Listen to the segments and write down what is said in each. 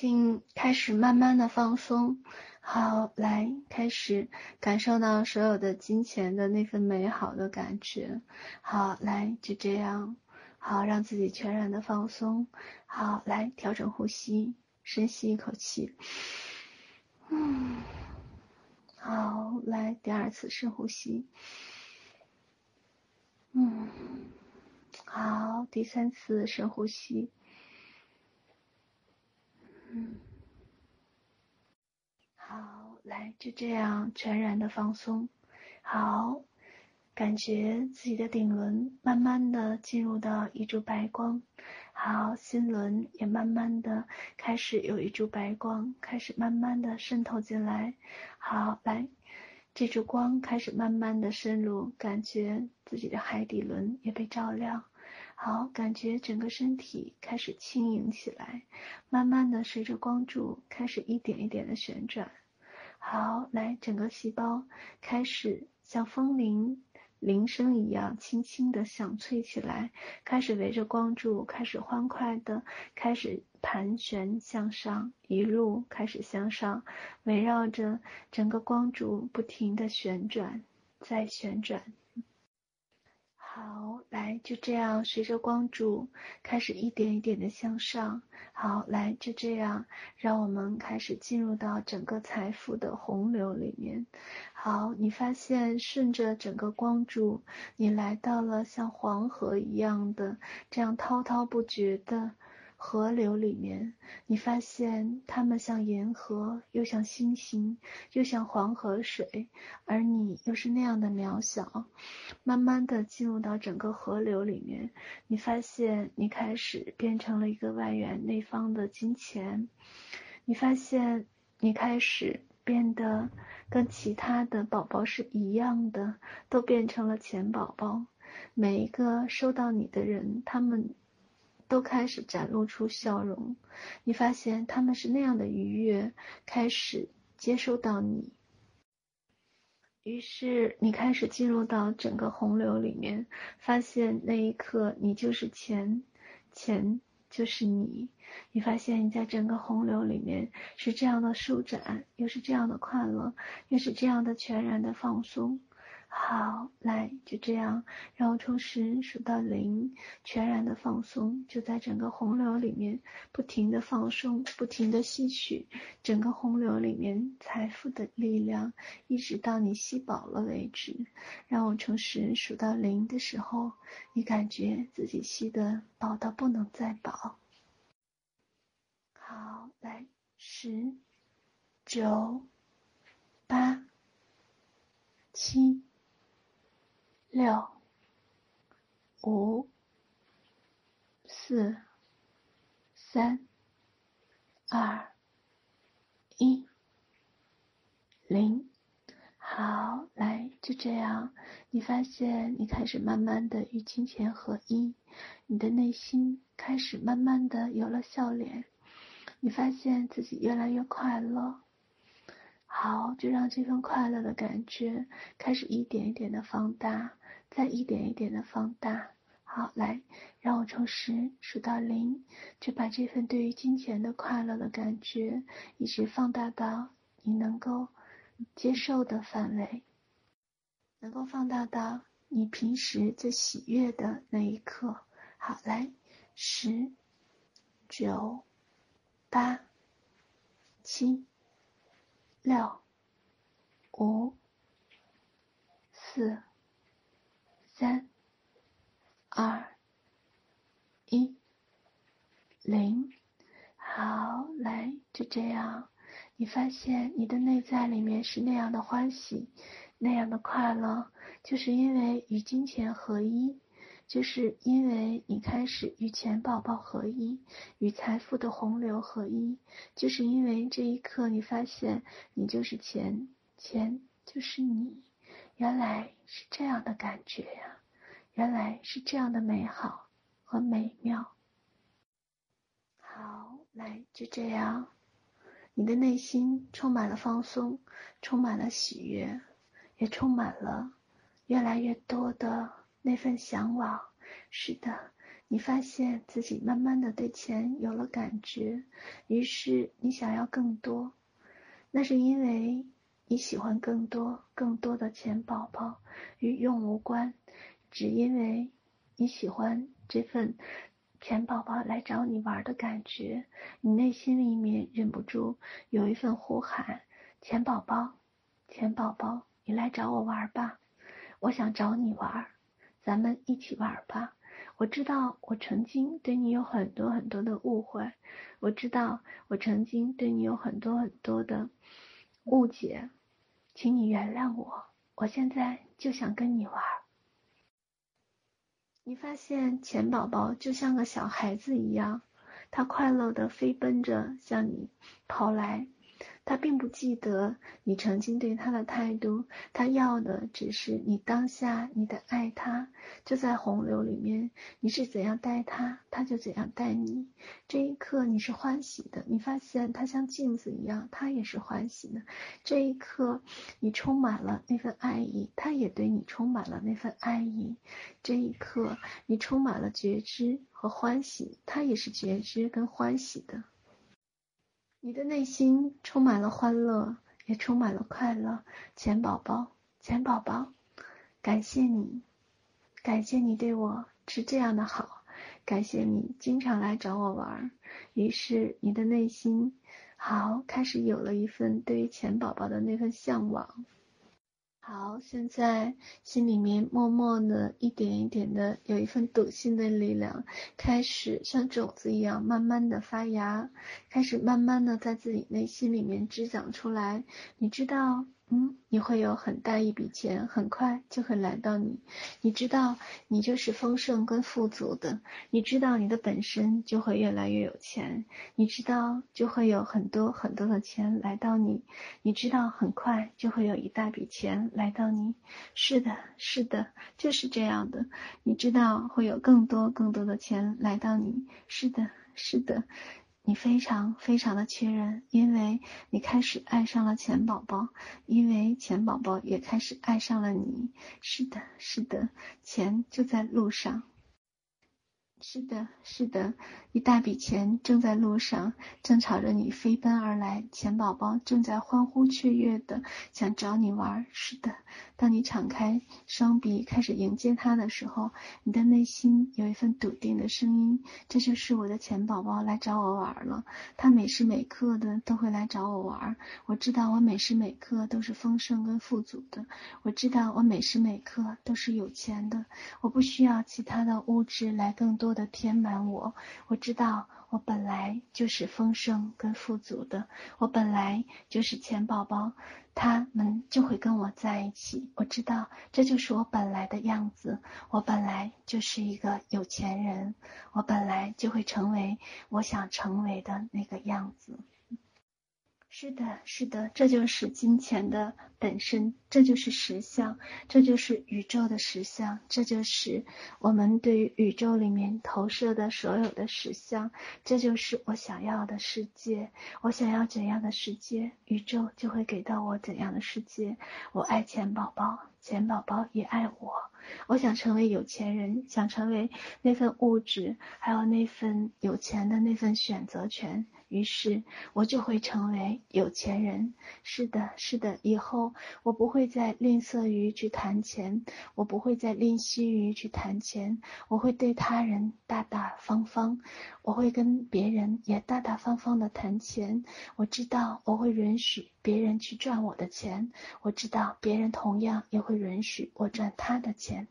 請開始慢慢的放鬆，好，來，開始感受到所有的金錢的那份美好的感覺，好，來，就這樣，好，讓自己全然的放鬆，好，來，調整呼吸，深吸一口氣，嗯，好，來，第二次深呼吸，嗯，好，第三次深呼吸。嗯，好，來，就這樣全然的放鬆，好，感覺自己的頂輪慢慢的進入到一束白光，好，心輪也慢慢的開始有一束白光開始慢慢的滲透進來，好，來，這束光開始慢慢的滲入，感覺自己的海底輪也被照亮。好，感覺整個身體開始輕盈起來，慢慢的隨着光柱開始一點一點的旋轉。好，來，整個細胞開始像風鈴鈴聲一樣輕輕的響脆起來，開始圍着光柱開始歡快的開始盤旋向上，一路開始向上，圍繞着整個光柱不停的旋轉，再旋轉。好，來，就這樣，隨着光柱開始一點一點的向上。好，來，就這樣，讓我們開始進入到整個財富的洪流裡面。好，你發現順着整個光柱，你來到了像黃河一樣的這樣滔滔不絕的。河流裡面，你發現它們像銀河，又像星星，又像黃河水，而你又是那樣的渺小。慢慢的進入到整個河流裡面，你發現你開始變成了一個外圓內方的金錢。你發現你開始變得跟其他的寶寶是一樣的，都變成了錢寶寶。每一個收到你的人，他們。都開始展露出笑容，你發現他們是那樣的愉悅，開始接收到你。於是你開始進入到整個洪流裡面，發現那一刻你就是錢，錢就是你。你發現你在整個洪流裡面是這樣的舒展，又是這樣的快樂，又是這樣的全然的放鬆。好，來，就這樣，然後從十數到零，全然的放鬆，就在整個洪流裡面不停的放鬆，不停的吸取整個洪流裡面財富的力量，一直到你吸飽了為止。讓我從十數到零的時候，你感覺自己吸得飽到不能再飽。好，來，十、九、八、七。六、五、四、三、二、一、零。好，來，就這樣。你發現你開始慢慢的與金錢合一，你的內心開始慢慢的有了笑臉。你發現自己越來越快樂。好，就讓這份快樂的感覺開始一點一點的放大。再一點一點的放大，好，來，讓我從十數到零，就把這份對於金錢的快樂的感覺，一直放大到你能夠接受的範圍，能夠放大到你平時最喜悅的那一刻。好，來，十、九、八、七、六、五、四。三、二、一、零，好，來，就這樣。你發現你的內在裡面是那樣的歡喜，那樣的快樂，就是因為與金錢合一，就是因為你開始與錢寶寶合一，與財富的洪流合一，就是因為這一刻你發現，你就是錢，錢就是你。原來是這樣的感覺呀，原來是這樣的美好和美妙。好，來，就這樣。你的內心充滿了放鬆，充滿了喜悅，也充滿了越來越多的那份向往。是的，你發現自己慢慢的對錢有了感覺，於是你想要更多。那是因為。你喜歡更多更多的錢寶寶，與用無關，只因為你喜歡這份錢寶寶來找你玩的感覺。你內心裡面忍不住有一份呼喊：錢寶寶，錢寶寶，你來找我玩吧！我想找你玩，咱們一起玩吧！我知道我曾經對你有很多很多的誤會，我知道我曾經對你有很多很多的誤解。請你原諒我，我現在就想跟你玩。你發現錢寶寶就像個小孩子一樣，他快樂地飛奔着向你跑來。他並不記得你曾經對他的態度，他要的只是你當下你的愛他。他就在洪流裡面，你是怎樣待他，他就怎樣待你。這一刻你是歡喜的，你發現他像鏡子一樣，他也是歡喜的。這一刻你充滿了那份愛意，他也對你充滿了那份愛意。這一刻你充滿了覺知和歡喜，他也是覺知跟歡喜的。你的內心充滿了歡樂，也充滿了快樂，錢寶寶，錢寶寶，感謝你，感謝你對我是這樣的好，感謝你經常來找我玩兒，於是你的內心好開始有了一份對於錢寶寶的那份嚮往。好，現在心裡面默默的，一點一點的，有一份篤信的力量，開始像種子一樣慢慢的發芽，開始慢慢的在自己內心裡面滋長出來。你知道。嗯，你會有很大一筆錢，很快就會來到你。你知道，你就是豐盛跟富足的。你知道，你的本身就會越來越有錢。你知道，就會有很多很多的錢來到你。你知道，很快就會有一大筆錢來到你。是的，是的，就是這樣的。你知道，會有更多更多的錢來到你。是的，是的。你非常非常的確認，因為你開始愛上了錢寶寶，因為錢寶寶也開始愛上了你。是的，是的，錢就在路上。是的，是的，一大筆錢正在路上，正朝着你飛奔而來，錢寶寶正在歡呼雀躍的想找你玩。是的，當你敞開雙臂開始迎接它的時候，你的內心有一份篤定的聲音，這就是我的錢寶寶來找我玩了。它每時每刻的都會來找我玩，我知道我每時每刻都是豐盛跟富足的，我知道我每時每刻都是有錢的，我不需要其他的物質來更多。得填滿我，我知道我本來就是豐盛跟富足的，我本來就是錢寶寶，他們就會跟我在一起。我知道這就是我本來的樣子，我本來就是一個有錢人，我本來就會成為我想成為的那個樣子。是的，是的，這就是金錢的本身，這就是實相，這就是宇宙的實相，這就是我們對於宇宙裡面投射的所有的實相，這就是我想要的世界，我想要怎樣的世界，宇宙就會給到我怎樣的世界。我愛錢寶寶，錢寶寶也愛我。我想成為有錢人，想成為那份物質，還有那份有錢的那份選擇權。於是，我就會成為有錢人。是的，是的，以後我不會再吝嗇於去談錢，我不會再吝惜於去談錢，我會對他人大大方方，我會跟別人也大大方方的談錢。我知道，我會允許。別人去賺我的錢，我知道別人同樣也會允許我賺他的錢。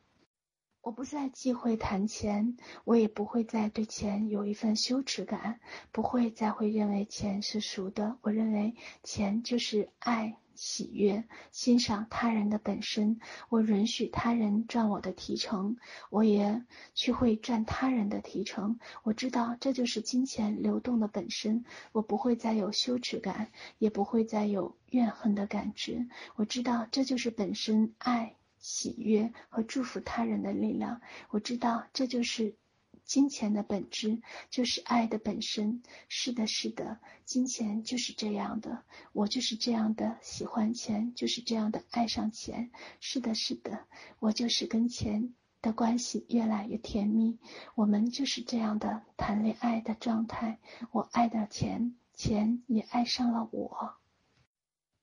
我不再忌諱談錢，我也不會再對錢有一份羞恥感，不會再會認為錢是俗的。我認為錢就是愛、喜悅、欣賞他人的本身。我允許他人賺我的提成，我也去會賺他人的提成。我知道這就是金錢流動的本身。我不會再有羞恥感，也不會再有怨恨的感覺。我知道這就是本身愛。喜悅和祝福他人的力量，我知道這就是金錢的本質，就是愛的本身。是的，是的，金錢就是這樣的，我就是這樣的喜歡錢，就是這樣的愛上錢。是的，是的，我就是跟錢的關係越來越甜蜜，我們就是這樣的談戀愛的狀態。我愛的錢，錢也愛上了我。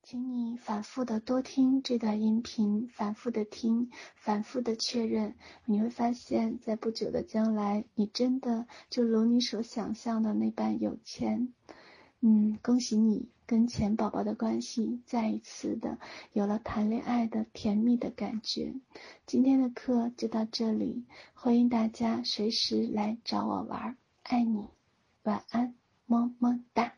請你反覆的多聽這段音頻，反覆的聽，反覆的確認，你會發現在不久的將來，你真的就如你所想象的那般有錢。嗯，恭喜你跟錢寶寶的關係再一次的有了談戀愛的甜蜜的感覺。今天的課就到這裡，歡迎大家隨時來找我玩，愛你，晚安，麼麼噠。